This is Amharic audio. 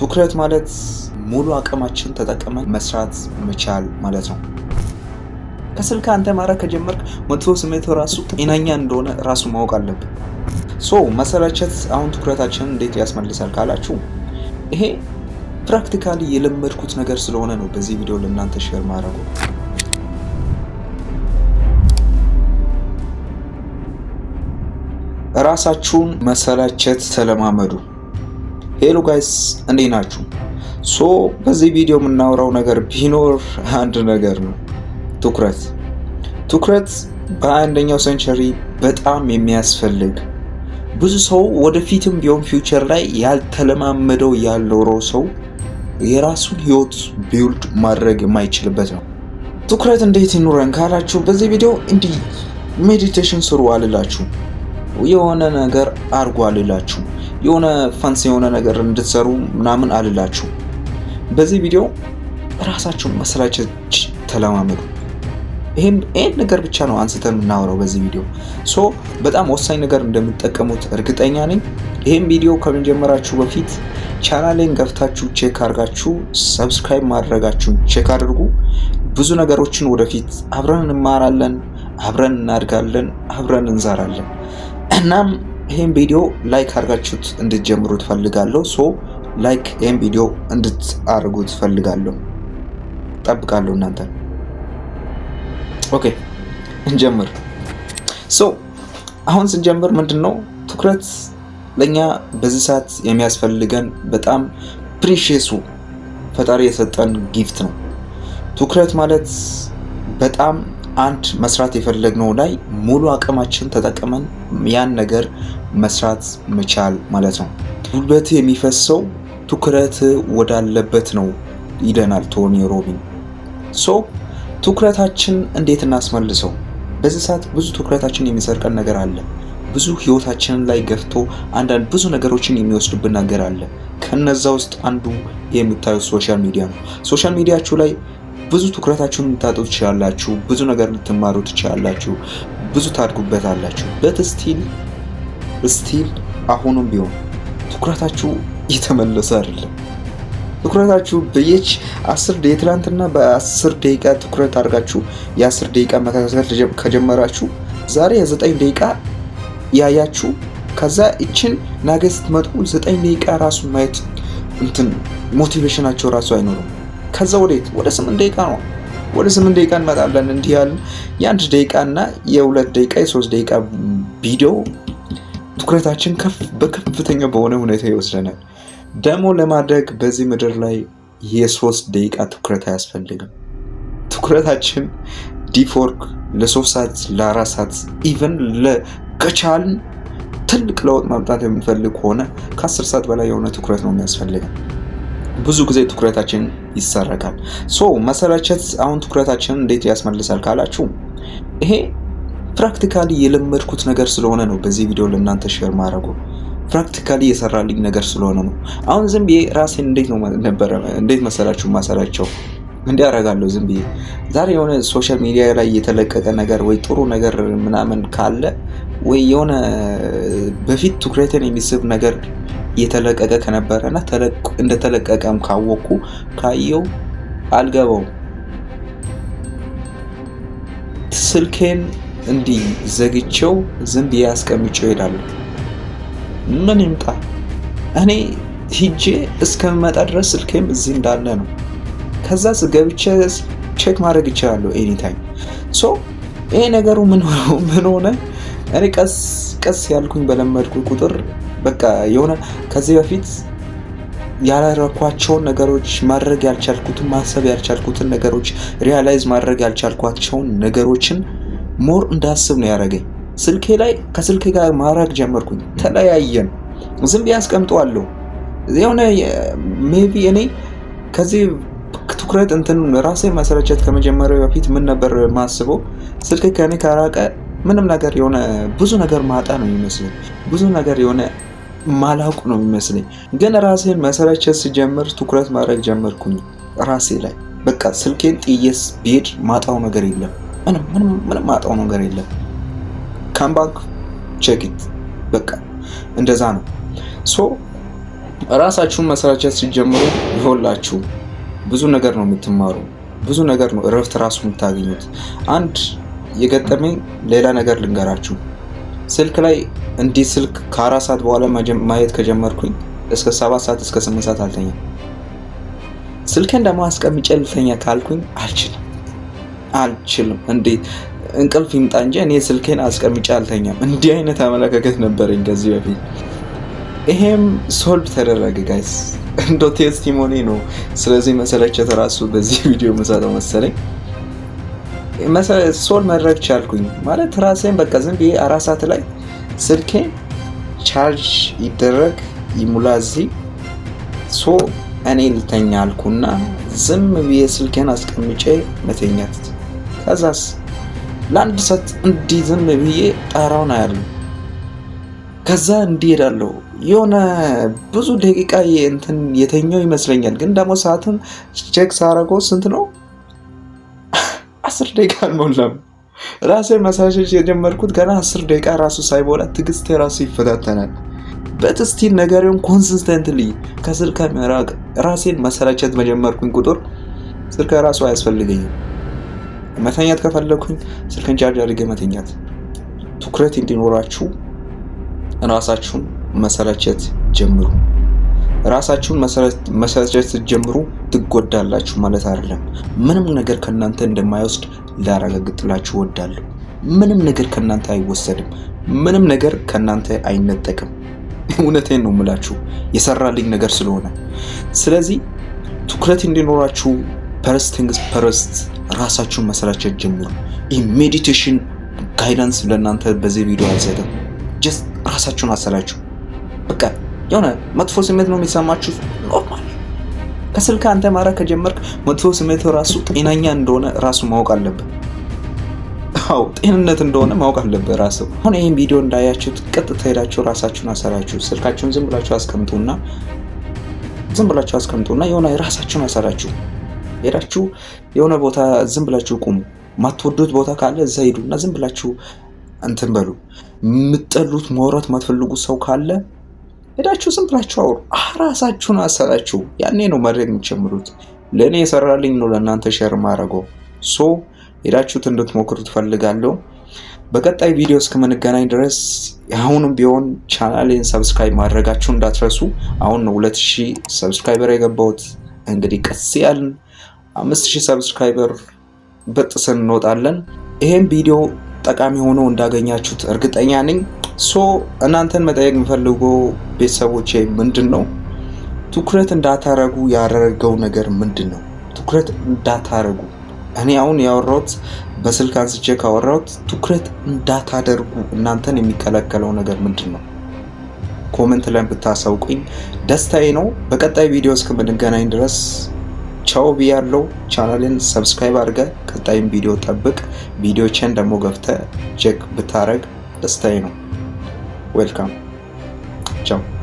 ትኩረት ማለት ሙሉ አቅማችን ተጠቅመን መስራት መቻል ማለት ነው። ከስልክ አንተ ማድረግ ከጀመርክ መጥፎ ስሜት ራሱ ጤናኛ እንደሆነ ራሱ ማወቅ አለብን። ሶ መሰላቸት አሁን ትኩረታችንን እንዴት ያስመልሳል ካላችሁ ይሄ ፕራክቲካሊ የለመድኩት ነገር ስለሆነ ነው በዚህ ቪዲዮ ለእናንተ ሼር ማድረጉ። ራሳችሁን መሰላቸት ተለማመዱ። ሄሎ ጋይስ እንዴት ናችሁ? ሶ በዚህ ቪዲዮ የምናወራው ነገር ቢኖር አንድ ነገር ነው፣ ትኩረት። ትኩረት በአንደኛው ሴንቸሪ በጣም የሚያስፈልግ ብዙ ሰው ወደፊትም ቢሆን ፊውቸር ላይ ያልተለማመደው ያልኖረው ሰው የራሱን ህይወት ቢውልድ ማድረግ የማይችልበት ነው። ትኩረት እንዴት ይኑረን ካላችሁ በዚህ ቪዲዮ እንዲህ ሜዲቴሽን ስሩ አልላችሁ የሆነ ነገር አርጎ አልላችሁ፣ የሆነ ፋንስ የሆነ ነገር እንድትሰሩ ምናምን አልላችሁ። በዚህ ቪዲዮ ራሳችሁን ማሰላቸት ተለማመዱ። ይህን ነገር ብቻ ነው አንስተን የምናወራው በዚህ ቪዲዮ። ሶ በጣም ወሳኝ ነገር እንደምትጠቀሙት እርግጠኛ ነኝ። ይህም ቪዲዮ ከመጀመራችሁ በፊት ቻናሌን ገፍታችሁ ቼክ አድርጋችሁ ሰብስክራይብ ማድረጋችሁን ቼክ አድርጉ። ብዙ ነገሮችን ወደፊት አብረን እንማራለን፣ አብረን እናድጋለን፣ አብረን እንዘራለን። እናም ይህም ቪዲዮ ላይክ አድርጋችሁት እንድትጀምሩ ትፈልጋለሁ። ሶ ላይክ ይህም ቪዲዮ እንድታርጉ ትፈልጋለሁ። ጠብቃለሁ እናንተ። ኦኬ እንጀምር። ሶ አሁን ስንጀምር ምንድን ነው ትኩረት ለእኛ በዚህ ሰዓት የሚያስፈልገን በጣም ፕሪሽሱ ፈጣሪ የሰጠን ጊፍት ነው። ትኩረት ማለት በጣም አንድ መስራት የፈለግነው ላይ ሙሉ አቅማችን ተጠቅመን ያን ነገር መስራት መቻል ማለት ነው። ጉልበት የሚፈሰው ትኩረት ወዳለበት ነው ይለናል ቶኒ ሮቢን። ሶ ትኩረታችን እንዴት እናስመልሰው? በዚህ ሰዓት ብዙ ትኩረታችን የሚሰርቀን ነገር አለ። ብዙ ህይወታችንን ላይ ገፍቶ አንዳንድ ብዙ ነገሮችን የሚወስድብን ነገር አለ። ከነዛ ውስጥ አንዱ የምታዩት ሶሻል ሚዲያ ነው። ሶሻል ሚዲያችሁ ላይ ብዙ ትኩረታችሁን ልታጡ ትችላላችሁ። ብዙ ነገር ልትማሩ ትችላላችሁ። ብዙ ታድጉበታላችሁ። በት ስቲል ስቲል አሁንም ቢሆን ትኩረታችሁ እየተመለሰ አይደለም። ትኩረታችሁ በየች አስር የትላንትና በአስር ደቂቃ ትኩረት አድርጋችሁ የአስር ደቂቃ መከታተል ከጀመራችሁ ዛሬ የዘጠኝ ደቂቃ ያያችሁ ከዛ ይችን ነገ ስትመጡ ዘጠኝ ደቂቃ ራሱ ማየት እንትን ሞቲቬሽናቸው ራሱ አይኖርም። ከዛ ወዴት ወደ ስምንት ደቂቃ ነው። ወደ ስምንት ደቂቃ እንመጣለን። እንዲህ ያልን የአንድ ደቂቃ እና የሁለት ደቂቃ የሶስት ደቂቃ ቪዲዮ ትኩረታችን በከፍተኛ በሆነ ሁኔታ ይወስደናል። ደግሞ ለማድረግ በዚህ ምድር ላይ የሶስት ደቂቃ ትኩረት አያስፈልግም። ትኩረታችን ዲፎርክ ለሶስት ሰዓት ለአራት ሰዓት ኢቨን ከቻልን ትልቅ ለውጥ ማምጣት የምንፈልግ ከሆነ ከአስር ሰዓት በላይ የሆነ ትኩረት ነው የሚያስፈልገን። ብዙ ጊዜ ትኩረታችን ይሰረቃል። ሶ መሰላቸት አሁን ትኩረታችንን እንዴት ያስመልሳል ካላችሁ ይሄ ፕራክቲካሊ የለመድኩት ነገር ስለሆነ ነው በዚህ ቪዲዮ ለእናንተ ሼር ማድረጉ ፕራክቲካሊ የሰራልኝ ነገር ስለሆነ ነው። አሁን ዝም ብዬ ራሴን እንዴት ነው ነበረ እንዴት መሰላችሁ ማሰራቸው እንዲህ አደርጋለሁ ዝም ብዬ ዛሬ የሆነ ሶሻል ሚዲያ ላይ የተለቀቀ ነገር ወይ ጥሩ ነገር ምናምን ካለ ወይ የሆነ በፊት ትኩረትን የሚስብ ነገር እየተለቀቀ ከነበረ እና እንደተለቀቀም ካወቅኩ ካየው አልገባውም። ስልኬን እንዲህ ዘግቼው ዝም ብዬ አስቀምጬው እሄዳለሁ። ምን ይምጣ እኔ ሂጄ እስከምመጣ ድረስ ስልኬም እዚህ እንዳለ ነው። ከዛ ገብቼ ቼክ ማድረግ ይችላለሁ ኤኒታይም። ሶ ይሄ ነገሩ ምን ሆነ? እኔ ቀስ ቀስ ያልኩኝ በለመድኩ ቁጥር በቃ የሆነ ከዚህ በፊት ያላረኳቸውን ነገሮች ማድረግ ያልቻልኩትን ማሰብ ያልቻልኩትን ነገሮች ሪያላይዝ ማድረግ ያልቻልኳቸውን ነገሮችን ሞር እንዳስብ ነው ያደረገኝ። ስልኬ ላይ ከስልኬ ጋር ማድረግ ጀመርኩኝ። ተለያየን። ዝም ብዬ አስቀምጠዋለሁ። የሆነ ሜቢ እኔ ከዚህ ትኩረት እንትን ራሴ መሰረቸት ከመጀመሪያ በፊት ምን ነበር ማስበው? ስልክ ከኔ ከራቀ ምንም ነገር የሆነ ብዙ ነገር ማጣ ነው የሚመስለኝ። ብዙ ነገር የሆነ ማላቁ ነው የሚመስለኝ። ግን ራሴን መሰረቸት ስጀምር ትኩረት ማድረግ ጀመርኩኝ ራሴ ላይ። በቃ ስልኬን ጥዬስ ብሄድ ማጣው ነገር የለም፣ ምንም ምንም ምንም ማጣው ነገር የለም። ካምባክ ቼክት በቃ እንደዛ ነው። ሶ ራሳችሁን መሰረቸት ሲጀምሩ ይሆላችሁ ብዙ ነገር ነው የምትማሩ፣ ብዙ ነገር ነው እረፍት ራሱ የምታገኙት። አንድ የገጠመኝ ሌላ ነገር ልንገራችሁ ስልክ ላይ እንዲህ ስልክ ከአራት ሰዓት በኋላ ማየት ከጀመርኩኝ እስከ ሰባት ሰዓት እስከ ስምንት ሰዓት አልተኛም። ስልኬን ደግሞ አስቀምጬ ልተኛ ካልኩኝ አልችልም አልችልም። እንዴ እንቅልፍ ይምጣ እንጂ እኔ ስልኬን አስቀምጬ አልተኛም። እንዲህ አይነት አመለካከት ነበረኝ ከዚህ በፊት። ይሄም ሶልቭ ተደረገ ጋይስ፣ እንደ ቴስቲሞኒ ነው። ስለዚህ መሰለቸት ራሱ በዚህ ቪዲዮ የምሰጠው መሰለኝ ሶልቭ መድረግ ቻልኩኝ ማለት ራሴን በቃ ዝም ብዬ አራት ሰዓት ላይ ስልኬ ቻርጅ ይደረግ ይሙላ እዚህ ሶ እኔ ልተኛ አልኩና ዝም ብዬ ስልኬን አስቀምጬ መተኛት። ከዛስ ለአንድ ሰዓት እንዲህ ዝም ብዬ ጣራውን አያሉ። ከዛ እንዲህ ሄዳለሁ። የሆነ ብዙ ደቂቃ እንትን የተኛው ይመስለኛል። ግን ደግሞ ሰዓትም ቼክ ሳረገው ስንት ነው? አስር ደቂቃ አልሞላም። ራሴ መሳሸሽ የጀመርኩት ገና አስር ደቂቃ ራሱ ሳይቦላ ትግስት ራሱ ይፈታተናል። በጥስቲል ነገሬውን ኮንሲስተንትሊ ከስልክ መራቅ ራሴን መሰላቸት መጀመርኩኝ ቁጥር ስልክ ራሱ አያስፈልገኝም። መተኛት ከፈለኩኝ ስልክን ቻርጅ አድርጌ መተኛት። ትኩረት እንዲኖራችሁ ራሳችሁን መሰላቸት ጀምሩ። ራሳችሁን መሰልቸት ስትጀምሩ ትጎዳላችሁ ማለት አይደለም። ምንም ነገር ከእናንተ እንደማይወስድ ላረጋግጥላችሁ እወዳለሁ። ምንም ነገር ከእናንተ አይወሰድም። ምንም ነገር ከእናንተ አይነጠቅም። እውነቴን ነው የምላችሁ የሰራልኝ ነገር ስለሆነ። ስለዚህ ትኩረት እንዲኖራችሁ ፐርስት ንግስ ፐርስት ራሳችሁን መሰላቸት ጀምሩ። ይህ ሜዲቴሽን ጋይዳንስ ለእናንተ በዚህ ቪዲዮ አልዘገም። ጀስት ራሳችሁን አሰላችሁ በቃ የሆነ መጥፎ ስሜት ነው የሚሰማችሁ። ኖርማል ከስልክ አንተ ማራ ከጀመርክ መጥፎ ስሜት ራሱ ጤናኛ እንደሆነ ራሱ ማወቅ አለብን። አዎ ጤንነት እንደሆነ ማወቅ አለብህ ራሱ። አሁን ይህን ቪዲዮ እንዳያችሁት ቀጥታ ሄዳችሁ ራሳችሁን አሰራችሁ። ስልካችሁን ዝም ብላችሁ አስቀምጡና ዝም ብላችሁ አስቀምጡና የሆነ ራሳችሁን አሰራችሁ። ሄዳችሁ የሆነ ቦታ ዝም ብላችሁ ቁሙ። ማትወዱት ቦታ ካለ እዛ ሂዱና ዝም ብላችሁ እንትን በሉ። የምትጠሉት ማውራት ማትፈልጉት ሰው ካለ ሄዳችሁ ዝም ብላችሁ አውሩ፣ ራሳችሁን አሰላችሁ። ያኔ ነው መድረግ የምትጀምሩት። ለእኔ የሰራልኝ ነው ለእናንተ ሼር ማድረገው። ሶ ሄዳችሁት እንድትሞክሩ ትፈልጋለሁ። በቀጣይ ቪዲዮ እስከምንገናኝ ድረስ አሁንም ቢሆን ቻናሌን ሰብስክራይብ ማድረጋችሁ እንዳትረሱ። አሁን ነው 2000 ሰብስክራይበር የገባሁት። እንግዲህ ቀስ ያልን 5000 ሰብስክራይበር በጥሰን እንወጣለን። ይሄን ቪዲዮ ጠቃሚ ሆኖ እንዳገኛችሁት እርግጠኛ ነኝ። ሶ እናንተን መጠየቅ የምፈልገው ቤተሰቦች ምንድን ነው ትኩረት እንዳታረጉ ያደረገው ነገር ምንድን ነው? ትኩረት እንዳታረጉ እኔ አሁን ያወራሁት በስልክ አንስቼ ካወራሁት ትኩረት እንዳታደርጉ እናንተን የሚከለከለው ነገር ምንድን ነው? ኮመንት ላይ ብታሳውቁኝ ደስታዬ ነው። በቀጣይ ቪዲዮ እስከምንገናኝ ድረስ ቻው ብያለው። ቻናልን ሰብስክራይብ አድርገ ቀጣይም ቪዲዮ ጠብቅ። ቪዲዮችን ደግሞ ገፍተ ቼክ ብታረግ ደስታዬ ነው። Welcome. Ciao.